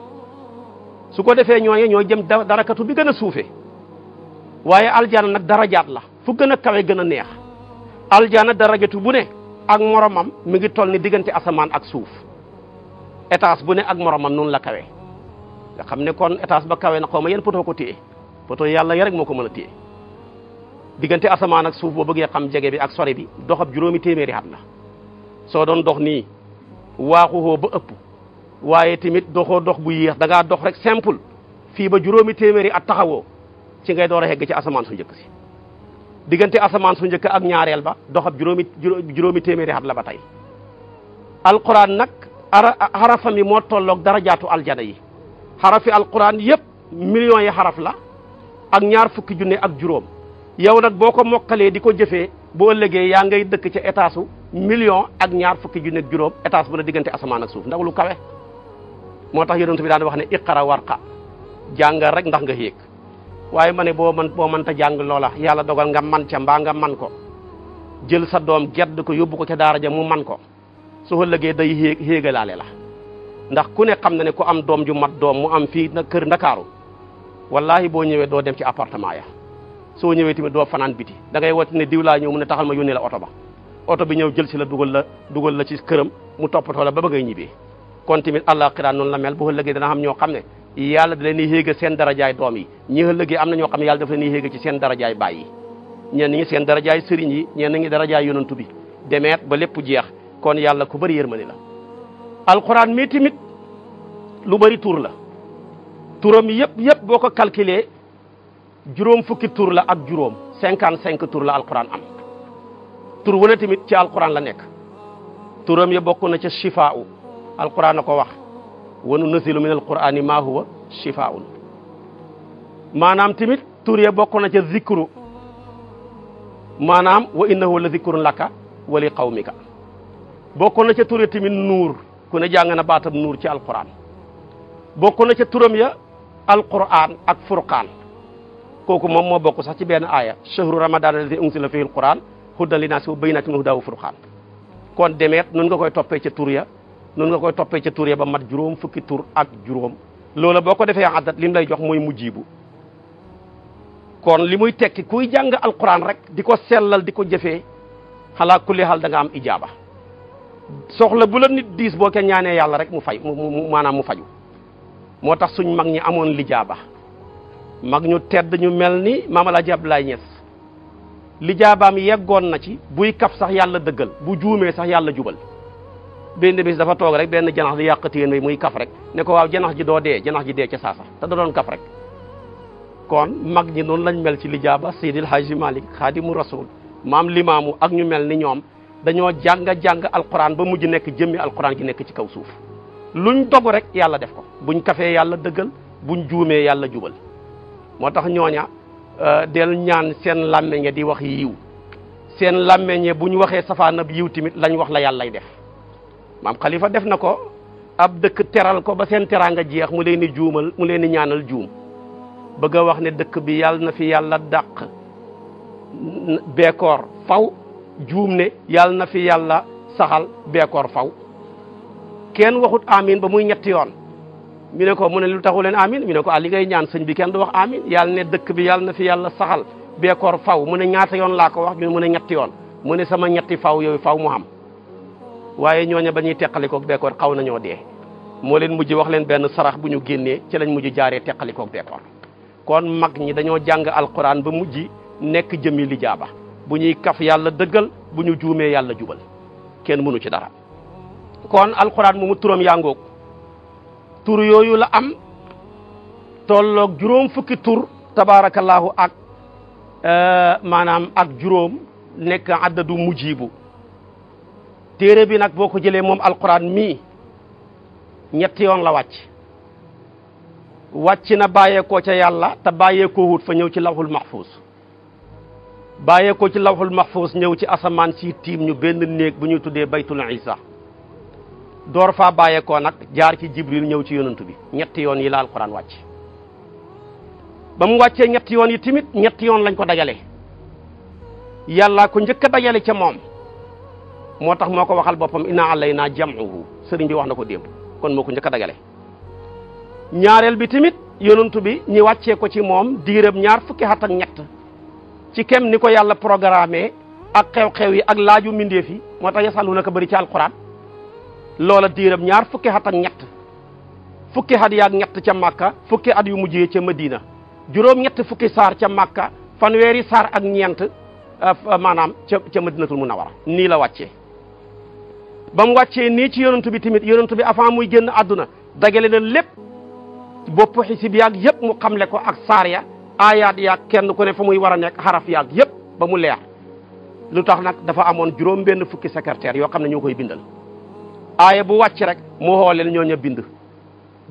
su ko defee ñoo ñooy jëm darakatu bi gën a suufee waaye aljana nag darajaat la fu gën a kawe gën a neex aljana darajatu bu ne ak moromam mi ngi toll ni diggante asamaan ak suuf étage bu ne ak moromam noonu la kawe nga xam ne kon étage ba kawe na xaw ma yan poto ko téye poto yàlla ya rek moo ko mën a téye diggante asamaan ak suuf boo bëggee xam jege bi ak sore bi doxab juróomi téeméeri at na soo doon dox nii waaxuwoo ba ëpp waaye tamit doxoo dox bu yéex da ngaa dox rek simple fii ba juróomi téeméeri at taxawoo ci ngay door a hegg ci asamaan su njëkk si. diggante asamaan su njëkk ak ñaareel ba doxab juróomi juróomi téeméeri at la ba tey alquran nag xarafam yi moo tolloog darajaatu aljana yi xarafi alquran yëpp millions yi xaraf la ak ñaar fukki junne ak juróom yow nag boo ko mokkalee di ko jëfee boo ëllëgee yaa ngay dëkk ci état million ak ñaar fukki junne juróom état bu ne diggante asamaan ak suuf ndax lu kawe moo tax yonent bi daan wax ne iqara warqa jàngal rek ndax nga yéeg waaye ma ne boo man boo mënta jàng loola yàlla dogal nga man ca mbaa nga man ko jël sa doom gedd ko yóbbu ko ca daara ja mu man ko su ëllëgee day xée la ndax ku ne xam na ne ku am doom ju mat doom mu am fii na kër ndakaaru wallahi boo ñëwee doo dem ci appartement ya soo ñëwee tamit doo fanaan biti da ngay woote ne diwlaa ñëw mu ne taxal ma yónnee la oto ba oto bi ñëw jël si la dugal la dugal la ci këram mu toppatoo la ba ba ngay ñibbee kon tamit àllaaxira noonu la mel bu ëllëgee dana xam ñoo xam ne yàlla da leen di yéega seen darajaay doom yi ñi ëllëgee am na ñoo xam ne dafa leen di yéega ci seen darajaay baay yi ñenn ñi seen darajaay sëriñ yi ñenn ñi darajaay yonantu bi demeet ba lépp jeex kon yàlla ku bëri yërmande la alxuraan mii tamit lu bëri tuur la turam yëpp yëpp boo ko calculé juróom fukki tuur la ak juróom cinquante cinq tur la alxuraan am tur wu ne tamit ci alxuraan la nekk turam ya bokk na ca shifaa u alxuraan na ko wax wa nunazzilu min alqur'ani ma huwa shifaa'un maanaam tamit tur ya bokk na ca zikru maanaam wa innahu la zikrun laka wa li qawmika bokk na ca tur ya tamit nuur ku ne jàng na baatam nuur ci alqur'an bokk na ca turam ya alqur'an ak furqaan kooku moom moo bokk sax ci benn aaya shahru ramadan alladi unsila fihi alqur'an hudan linnaasi wa bayyinaatin min hudaa wa furqaan kon demeet nun nga koy toppee ca tur ya noonu nga koy toppee ca tur ya ba mat juróom fukki tur ak juróom loola boo ko defee addat lim lay jox mooy mujjibu kon li muy tekki kuy jàng alquran rek di ko sellal di ko jëfee xalaa kulli xaal da am ijaaba soxla bu la nit diis boo ko ñaanee yàlla rek mu fay mu maanaam mu faju moo tax suñ mag ñi amoon lijaaba mag ñu tedd ñu mel ni maam Alaaji Abdoulaye Niass lijaabaam yeggoon na ci buy kaf sax yàlla dëggal bu juumee sax yàlla jubal benn bis dafa toog rek benn janax di yàq téen bi muy kaf rek ne ko waaw janax ji doo dee janax ji dee ca saasa te da doon kaf rek kon mag ñi noonu lañ mel ci lijaaba Seydil Hajji Malik Xaadimu Rasul maam limaamu ak ñu mel ni ñoom dañoo jàng-jàng alquran ba mujj nekk jëmmi alquran gi nekk ci kaw suuf luñ dogu rek yàlla def ko buñ kafee yàlla dëggal buñ juumee yàlla jubal moo tax ñooña euh, del ñaan seen làmmeñe di wax yiw seen làmmeñe bu ñu waxee safaanab yiw tamit lañ wax la yàllay def maam xalifa def na ko ab dëkk teral ko ba seen teraanga jeex mu leen di juumal mu leen di ñaanal juum bëgg a wax ne dëkk bi yàlla na fi yàlla dàq beekoor faw juum ne yàlla na fi yàlla saxal beekoor faw kenn waxut amin ba muy ñetti yoon mi ne mu ne lu taxu leen amin mu ne ko ah li ngay ñaan sëñ bi kenn du wax amin yàlla ne dëkk bi yàlla na fi yàlla saxal bekoor faw mu ne ñaata yoon laa ko wax mu ne ñetti yoon mu ne sama ñetti faw yooyu faw mu am waaye ñooña ba ñuy teqalikoog bekkoor xaw nañoo dee moo leen mujj wax leen benn sarax bu ñu génnee ci lañ mujj jaaree kon mag ñi dañoo jàng alquran ba mujj nekk jëmi lijaaba bu ñuy kaf yàlla dëggal bu ñu juumee jubal kenn mënu ci dara kon alquran mu turam yangoog tur yooyu la am tolloog juróom fukki tur tabarakallahu ak euh, maanaam ak juróom nekk addadu mujibu téere bi nag boo ko jëlee moom alquran mii ñetti yoon la wàcc wàcc na bàyyeekoo ca yàlla te bàyyeekoo wut fa ñëw ci lawhul mahfuus bàyyeekoo ci lawhul mahfuus ñëw ci asamaan si tiim ñu benn néeg bu ñuy tuddee baytul isa door faa bàyyeekoo nag jaar ci jibril ñëw ci yonantu bi ñetti yoon yi la alquran wàcc ba mu wàccee ñetti yoon yi timit ñetti yoon lañ ko dajale yàllaa ku njëkk a dajale ca moom moo tax moo ko waxal boppam i inna alaynaa jam'uhu sëriñ bi wax na ko démb kon moo ko njëkk a dagale ñaareel bi tamit yonantu bi ñi wàccee ko ci moom diirab ñaar fukki at ñett ci kem ni ko yàlla programme ak xew-xew yi ak laaju mbindeef yi moo tax yasalu na ko bari ci alquran loola diirab ñaar fukki at ak ñett fukki at yaak ñett ca Makka fukki at yu mujjee ca Madina juróom ñett fukki saar ca Makka fanweeri saar ak ñeent euh, maanaam ca ca Madinatul Munawara nii la wàccee ba mu wàccee nii ci yonantu bi tamit yonantu bi avant muy génn adduna dagale na lépp bopp xisib yaag yëpp mu xamle ko ak saar ya aayaat yaag kenn ku ne fa muy war a nekk xaraf yaag yëpp ba mu leer lu tax nag dafa amoon juróom benn fukki secrétaire yoo xam ne ñoo koy bindal aaye bu wàcc rek mu xooleen ñoo ña bind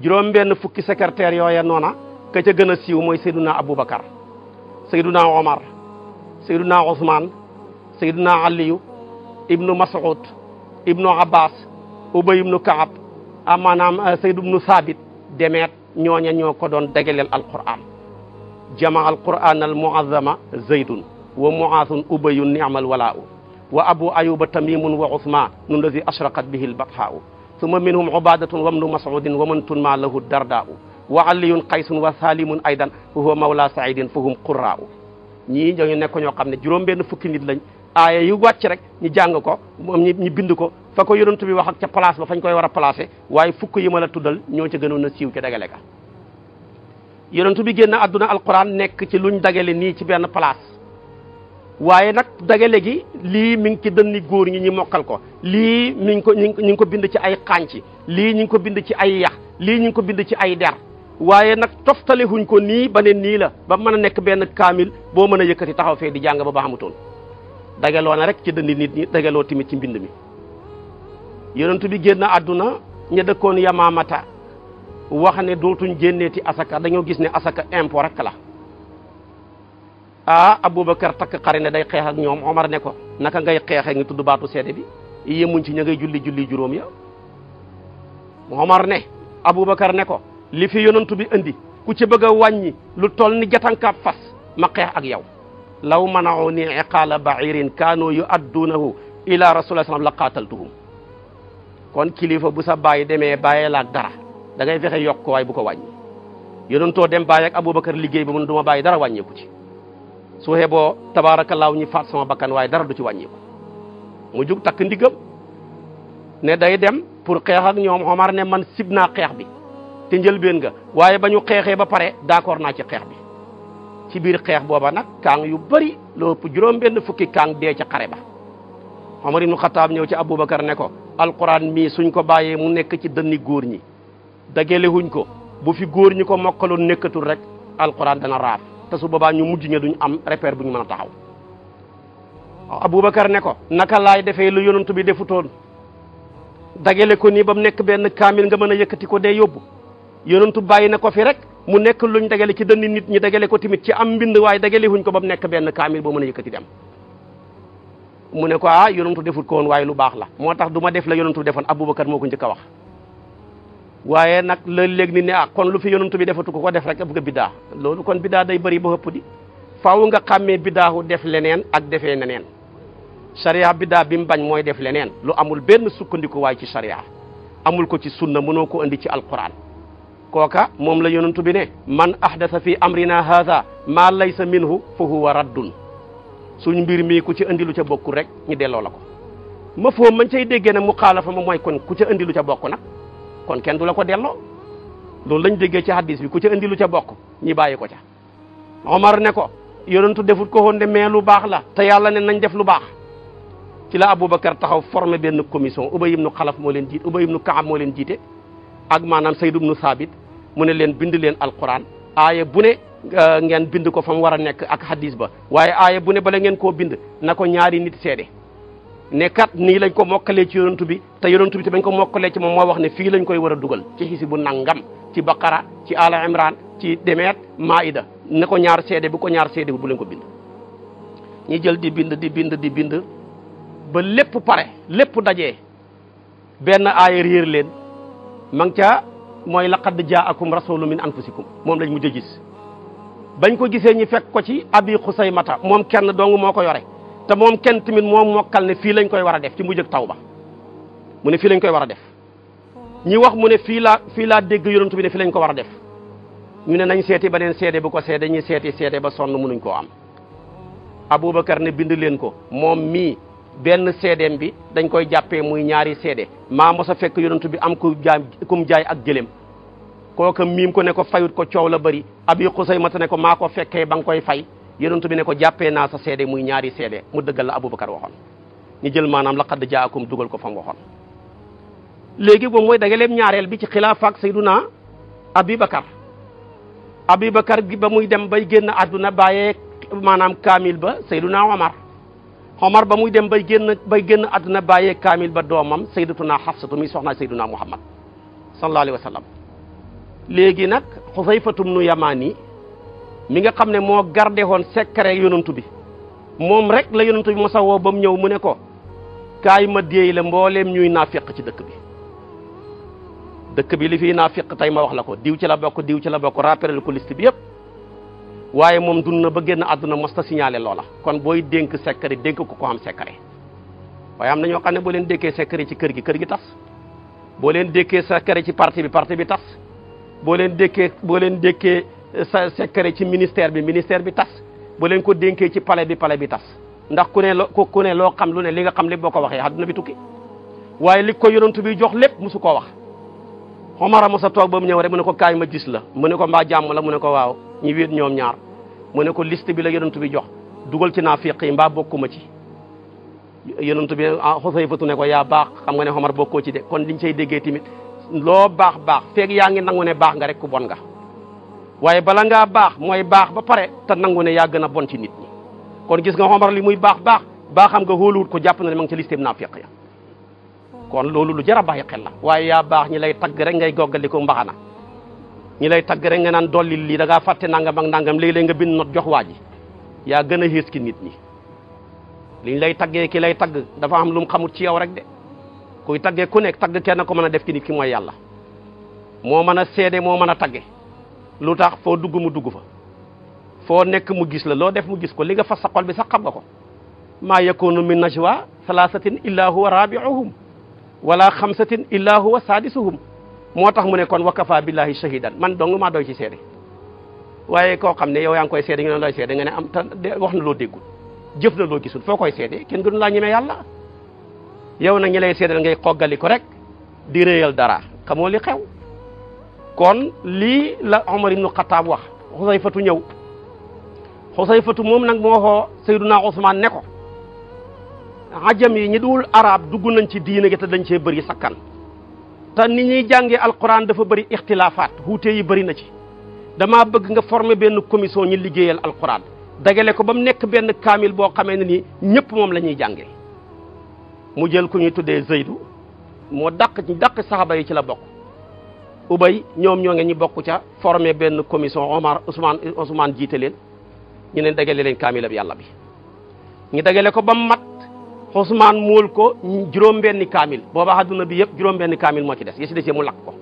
juróom benn fukki secrétaire yooya noona ka ca gën a siiw mooy Seyduna Aboubacar Seyduna Omar Seyduna Ousmane Seyduna Aliyu Ibnu Mas'ud ibnu abbas ubay ibnu kaab a maanaam sayd ibnu saabit demeet ñooña ñoo ko doon dagaleel alquran jamaa alquran al muazama zaydun wa muazun ubayun niamal walaau wa abu ayuba tamimun wa usmanun lazi ashraqat bihi albathaau ثم منهم عبادة وابن مسعود ومن تنمى له الدرداء وعلي قيس وسالم أيضا وهو مولى سعيد فهم قراء ñi ñoo nekk ñoo xam ne juróom benn fukki nit lañ aaya yu wàcc rek ñu jàng ko moom ñu bind ko fa ko yonent bi wax ca place ba fañ koy war a placé waaye fukk yi ma la tuddal ñoo ca gënoon a siiw ca dagale ga yonent bi génn àdduna alquran nekk ci lu ñu dagale nii ci benn place waaye nag dagale gi lii mi ngi ci dënni góor ñi ñi mokkal ko lii mi ngi ko ñi ngi ko bind ci ay xànc lii ñu ngi ko bind ci ay yax lii ñu ngi ko bind ci ay der waaye nag toftale huñ ko nii ba ne nii la ba mën a nekk benn kaamil boo mën a yëkkati taxaw fee di jàng ba ba dagaloo na rek ci dëndi nit ñi dagaloo tamit ci mbind mi yonent bi génn àdduna ña dëkkoon yamaamata wax ne dootuñ génneeti asaka dañoo gis ne asaka impôt rek la ah Aboubacar takk xare ne day xeex ak ñoom Omar ne ko naka ngay xeexee ngi tudd baatu seede bi yemuñ ci ña ngay julli julli juróom ya Omar ne Aboubacar ne ko li fi yonent bi indi ku ci bëgg a wàññi lu tol ni jatankaab fas ma xeex ak yow law manauni iqala ba'irin kaanu yu'addunahu ila rasulillah sallam la qataltuhum kon kilifa bu sa bàyyi demee bàyyee laak dara da ngay fexe yokk waay bu ko wàññi yonentoo dem bàyyi ak aboubacar liggéey bi mun du ma bàyyi dara wàññeeku ci su xeboo tabaarakallaahu ñi faat sama bakkan waaye dara du ci wàññeeku mu jug takk ndigam ne day dem pour xeex ak ñoom Omar ne man sib naa xeex bi te njëlbeen ga waaye ba ñu xeexee ba pare d'accord naa ci xeex bi ci biir xeex booba nag kàng yu bari loo ëpp juróom benn fukki kàng dee ci xare ba Omar ibnu Xataab ñëw ci Aboubacar ne ko alxuraan mii suñ ko bàyyee mu nekk ci dënni góor ñi dagelewuñ ko bu fi góor ñi ko mokkaloon nekkatul rek alquran dana raaf te su boobaa ñu mujj ña duñ am repère bu ñu mën a taxaw Aboubacar ne ko naka laay defee lu yonantu bi defutoon dagale ko nii ba mu nekk benn kaamil nga mën a yëkkati ko dee yóbbu yonantu bàyyi na ko fi rek mu nek luñ dagale ci dënn nit ñi dagale ko timit ci am bind way dagale huñ ko bam nek ben kamil kaamil boo yëkëti dem mu ne ko ah yonentu deful ko won way lu bax la motax duma def la yonentu defon aboubacar moo ko njëkk wax waye nak le leg ni ne ah kon lu fi yonentu bi defatu ko ko def rek bu nga biddaa loolu kon biddaa day bari bo hepp di faaw nga xàmmee biddaahu def leneen ak defé neneen sharia biddaa bi mu bañ moy def leneen lu amul ben sukkandiku way ci sharia amul ko ci sunna mëno ko andi ci alquran kooka moom la yonentu bi ne man ahdasa fi amrina haza maa lay sa laysa minhu fa huwa raddun suñ mbir mii ku ci andi lu ca bokkul rek ñu delloo la ko ma foom mañ cay déggee ne mu xaalafa ma mooy kon ku ca andi lu ca bokk nag kon kenn du la ko delloo loolu lañ déggee ci hadis bi ku ca andi lu ca bokk ñi bàyyi ko ca Omar ne ko yonentu defut ko woon de mais lu baax la te yàlla ne nañ def lu baax ci la Aboubacar taxaw formé benn commission Ubay ibnu Xalaf moo leen jiite Ubay ibnu Kaab moo leen jiite ak maanaam Sayd ibnu Saabit mu ne leen bind leen alquran aaya bu ne euh, ngeen bind ko fa mu war a nekk ak hadis ba waaye aaye bu ne bala ngeen koo bind na ko ñaari nit seede ne kat nii lañ ko mokkalee ci yonantu bi te yonantu bi te bañ ko mokkalee ci moom moo wax ne fii lañ koy war a dugal ci xisi bu nangam ci baqara ci ala imran ci demeet maida ne ko ñaar seede bi ko ñaar seede bu bu leen ko bind ñi jël di bind di bind di bind ba lépp pare lépp dajee benn aaya réer leen ma mooy laqad jaakum rasulun min anfusikum moom lañ mujj a bañ ko gisee ñi fekk ko ci abi xusaymata moom kenn dong moo ko yore te moom kenn tamit moom mokkal ne fii lañ koy war a def ci mujj ak taw ba mu ne fii lañ koy war a def ñi wax mu ne fii laa fii laa dégg yonent bi ne fii lañ ko war a def mu ne nañ seeti beneen seede bu ko seede ñi seeti seede ba sonn mënuñ koo am aboubacar ne bind ko moom mii ben cdm bi dañ koy jappé muy ñaari cd ma mos a fekk yonentu bi am ko jaay kum jaay ak gëléem kooka mim ko ne ko fayut ko ciow la bari abi xusaymata ne ko mako fekke bang koy fay yonentu bi ne ko jappé na sa cd muy ñaari cd mu deugal la abubakar waxon ni jël maanaam laqad jaakum dugal ko fam waxon léegi bo moy dagalem ñaarel bi ci xilaafa ak sayduna abibakar abibakar gi ba muy dem bay génn aduna baye manam kamil ba sayyiduna umar Omar ba muy dem bay génn bay génn àdduna bàyyee kaamil ba doomam sayyidatuna Xafsatu mi soxnaa sayyiduna Muhammad sallallahu alayhi wa sallam léegi nag Xusayfatum nu Yamaani mi nga xam ne moo gardé woon secret yonantu bi moom rek la yonantu bi mosa woo ba mu ñëw mu ne ko kaay ma déey la mbooleem ñuy naafiq ci dëkk bi dëkk bi li fiy naafiq tey ma wax la ko diw ci la bokk diw ci la bokk rappelé ko liste bi yëpp waaye moom dund na ba génn àdduna mos ta signalé loola kon booy dénk secret dénk ko ko am secret waaye am na ñoo xam ne boo leen dékkee secret ci kër gi kër gi tas boo leen dékkee secret ci parti bi parti bi tas boo leen dékkee boo leen dékkee eh, sa secret ci ministère bi ministère bi tas boo leen ko dénkee ci pale bi pale bi tas ndax ku ne loo ku ne loo xam lu ne li nga xam lépp boo ko waxee àdduna bi tukki waaye li ko yonantu bi jox lépp musu koo wax xomara mosa toog ba mu ñëw rek mu ne ko kaay ma gis la mu ne ko mbaa jàmm mu ne ko waaw ñi wéet ñom ñaar mu ne ko liste bi la yonentu bi jox dugal ci nafiqi mba mbaa bokkuma ci yonentu bi xusayfatu ah, ne ko ya baax xam nga ne xomar bokko ci de kon liñ cey déggé timit lo baax baax fek ya ngi nangu ne baax nga rek ku bon nga waye bala nga baax moy baax ba paré ta nangu ne ya gëna bon ci nit ñi kon gis nga xomar li muy baax baax baaxam nga hóoluwut ko japp na ne ma ci liste nafiqi ya kon lolu lu jara baye xel la waye ya baax ñi lay tag rek ngay mbaxana ñi lay tagg rek nga naan dolli lii da ngaa fàtte nangam ak nangam léeg nga bind not jox waa ji yaa gën a xées ki nit ñi liñ lay taggee ki lay tagg dafa am lu mu xamut ci yow rek de kuy taggee ku nekk tagg kenn ko mën a def ki nit ki mooy yàlla moo mën a seede moo mën a tagge lu tax foo dugg mu dugg fa foo nekk mu gis la loo def mu gis ko li nga fa sa xol bi sax xab nga ko maa yakunu min najwa salaasatin illa huwa rabiuhum wala xamsatin illa huwa saadisuhum motax mu ne kon wakafa billahi shahidan man dong maa doy ci sédé waaye ko xamné yow yang koy sédé nga lay sédé nga ne am wax na lo déggul jëf na lo gisul fo koy sédé kenn gënul la ñëmé yalla yow nak ñi lay ngay xogali ko rek di réyal dara xamoo li xew kon li la umar ibn khattab wax xusayfatu ñew xusayfatu mom nak moko sayyiduna usman ne ko ajam yi ñi dul arab duggu nañ ci diine gi te dañ ci bëri sakkan tan ni ñuy jàngee alquran dafa bëri ixtilaafaat wuute yi bëri na ci damaa bëgg nga former benn commission ñu liggéeyal alquran dagale ko ba mu nekk benn kaamil boo xamee ne ni ñëpp moom la ñuy jàngee mu jël ku ñuy tuddee Zeydu moo daq daq saxaba yi ci la bokk ubay ñoom ñoo ngi ñu bokk ca former benn commission Omar Ousmane Ousmane jiite leen ñu ne dagale leen kaamilab yàlla bi ñu dagale ba mat. Osman mul ko juróom benni kaamil booba àdduna bi yeb juróom benni kamil mo ci dess yesi dessé mu lak ko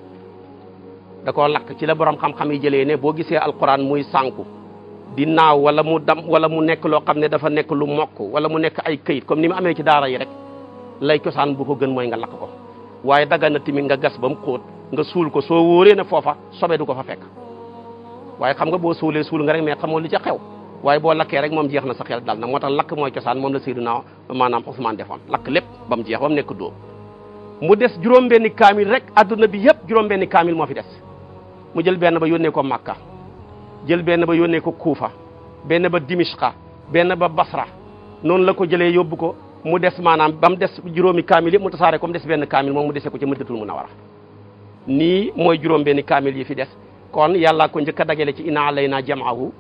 da koo ci la borom xam-xam yi jëlee ne bo gisé alquran muy sanku di naaw wala mu dam wala mu nek lo xam ne dafa nek lu mokk wala mu nek ay keuyit comme ni mu amee ci daara yi rek lay cosaan bu ko gën moy nga lak ko waye daga na timi nga gas bam mu nga sul ko so woré na fofa sobé du ko fa fek waye xam nga bo sulé sul nga rek mais xamoo li ci xew waye bo laké rek mom jeexna na sa xel dal na moo lak moy ciosan mom la Seydina manam Ousmane defon lak lépp bam jeex bam nek do mu dess juróom-benni kamil rek aduna bi yeb juroom juróom-benni kamil mo fi dess mu jël ben ba yónnee ko makkah jël ben ba yónnee ko kufa ben ba Dimishqa ben ba Basra non la ko jëlé yóbbu ko mu dess manam bam dess des juróomi kaamil mu tassare ko mu des benn kaamil moom mu dess ko ci mudatul munawara ni moy juróom-benni kamil yi fi dess kon yàlla ko njëkk a ci inna alayna jam'ahu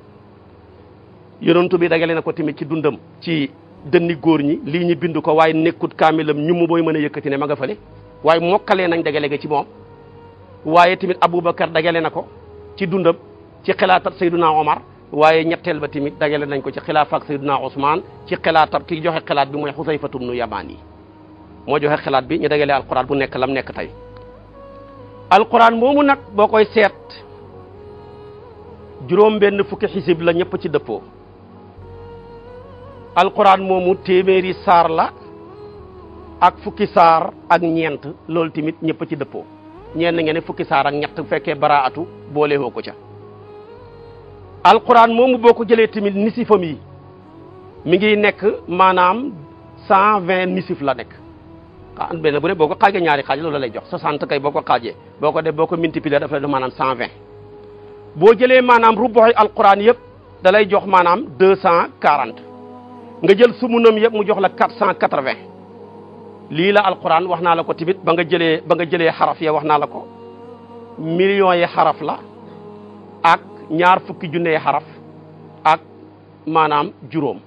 yonentou bi dagale na ko tamit ci dundam ci dënni gor ñi li ñi bindu ko way nekkut kamilam ñu mu boy meuna yëkëti ne ma nga fële way mokalé nañ dagale ga ci mom waye tamit aboubacar dagale na ko ci dundam ci xilaatat sayyiduna omar waye ñettel ba tamit dagale nañ ko ci xilaafa sayyiduna usman ci xilaatab ki joxe xilaat bi moy xusayfatu ibn yamaan mo joxe xilaat bi ñu dagale alquran bu nekk lam nekk tay alquran momu nak bokoy set juróom benn fukki xisib la ñëpp ci dëppoo alquran moomu téeméeri saar la ak fukki saar ak ñeent loolu tamit ñëpp ci dëppoo ñenn ngeen ne fukki saar ak ñett fekkee baraatu boole woo ko ca alquran moomu boo ko jëlee tamit nisifam yi mi ngi nekk maanaam cent vingt nisif la nekk ah benn bu ne boo ko xaajee ñaari xaaj loolu lay jox soixante kay boo ko xaajee boo ko def boo ko multiplier daf lay jox maanaam cent boo jëlee maanaam ruboxi alquran yëpp da lay jox maanaam deux cent quarante. nga jël sumunam yëpp mu jox la quatre cent quatre-vingts lii la alquran wax naa la ko timit ba nga jëlee ba nga jëlee xaraf ya wax naa la ko million yi xaraf la ak ñaar fukki junne yi xaraf ak maanaam juróom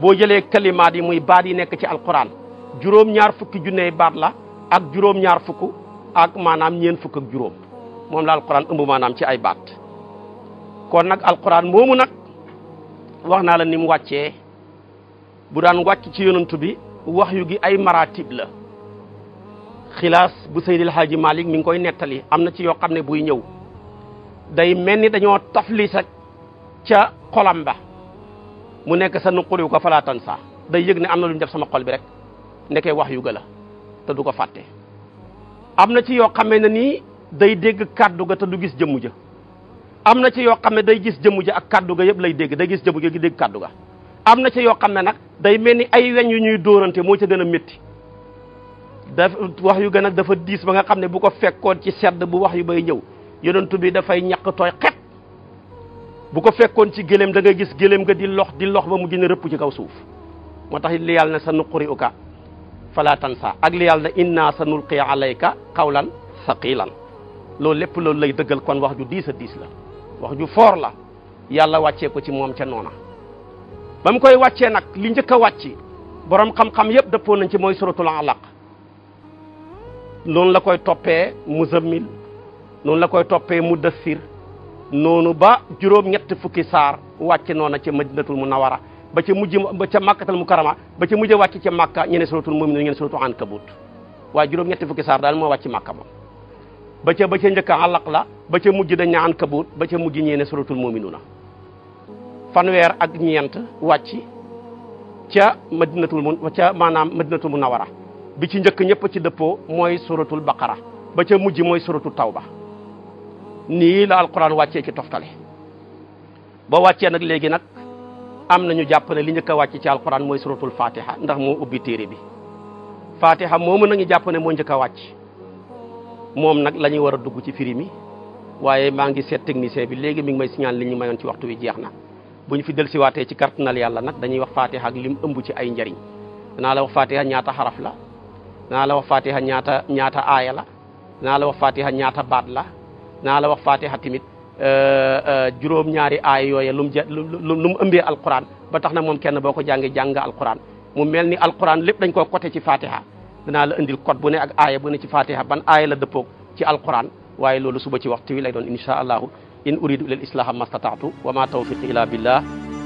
boo jëlee kalimaat yi muy baat yi nekk ci alquran juróom ñaar fukki junne yi baat la ak juróom ñaar fukk ak maanaam ñeen fukk juróom moom la alquran ëmb maanaam ci ay baat kon nag alquran moomu nag wax naa la ni mu wàccee bu daan wàcc ci yonantu bi wax yu gi ay maratib la xilaas bu seydil haji malik mi ngi koy nettali am na ci yoo xam ne buy ñëw day mel ni dañoo tafli sa ca xolam ba mu nekk sa nuquli ko falaatan sa day yëg ne am na def sama xol bi rek ndekee wax yu gala te du ko fàtte am na ci yoo xamee ne day dégg kàddu ga te du gis jëmm ja am na ci yoo xam day gis jëmm ja ak kàddu ga yëpp lay dégg day gis jëmm gi dégg kàddu ga am na ci yoo xam ne nag day mel ni ay weñ yu ñuy dóorante moo ci gën a métti daf wax yu gën a dafa diis ba nga xam ne bu ko fekkoon ci sedd bu wax yu bay ñëw yonent bi dafay ñàkk tooy xet bu ko fekkoon ci gëléem da nga gis gëléem nga di lox di lox ba mu gën a rëpp ci kaw suuf moo tax li yàlla ne sa nuquri uka fala tansa ak li yàlla ne inna sa nulqi alayka qawlan saqilan loolu lépp loolu lay dëggal kon wax ju diis a diis la wax ju foor la yàlla wàccee ko ci moom ca noona ba mu koy wàccee nag li njëkk a wàcc borom xam-xam yëpp dëppoo nañ ci mooy suratul alaq noonu la koy toppee muzammil noonu la koy toppee mu mudassir noonu ba juróom ñetti fukki saar wàcc noona ci madinatul munawara ba ca mujj ba ca makkatal mukarama ba ca mujj wàcc ca makka ñene suratul mu'minun ñene suratul ankabut waaye juróom ñetti fukki saar daal moo wàcc makka moom ba ca ba ca njëkk a alaq la ba ca mujj dañ ne ankabut ba ca mujj ñene suratul mu'minuna fanweer ak ñeent wàcc ca madinatul mu ca maanaam madinatul munawara bi ci njëkk ñëpp ci dëppoo mooy suratul baqara ba ca mujj mooy taw ba nii la alquran wàccee ci toftale ba wàccee nag léegi nag am nañu jàpp ne li njëkk a wàcc ci alquran mooy suratul fatiha ndax moo ubbi téere bi fatiha moomu nañu jàpp ne moo njëkk a wàcc moom nag la ñuy war a dugg ci firi mi waaye maa ngi seet technicien bi léegi mu ngi may signal li ñu mayoon ci waxtu wi jeex na bu ñu fi dellusiwaatee ci kartanal yàlla nag dañuy wax fatiha ak lim ëmb ci ay njariñ danaa la wax fatiha ñaata xaraf la danaa la wax fatiha ñaata ñaata aaya la danaa la wax fatiha ñaata baat la danaa la wax fatiha tamit euh, euh, juróom-ñaari aaya yooye lu mu lu mu ëmbee alquran ba tax na moom kenn boo ko jàngee jàng alquran mu mel ni alquran lépp dañ koo côté ci fatiha danaa la indil code bu ne ak aaya bu ne ci fatiha ban aaya la dëppoog ci alquran waaye loolu suba ci waxtu wi doon incha allahu in uridu ila al islaha mastataatu wa ma tawfiqi ila billah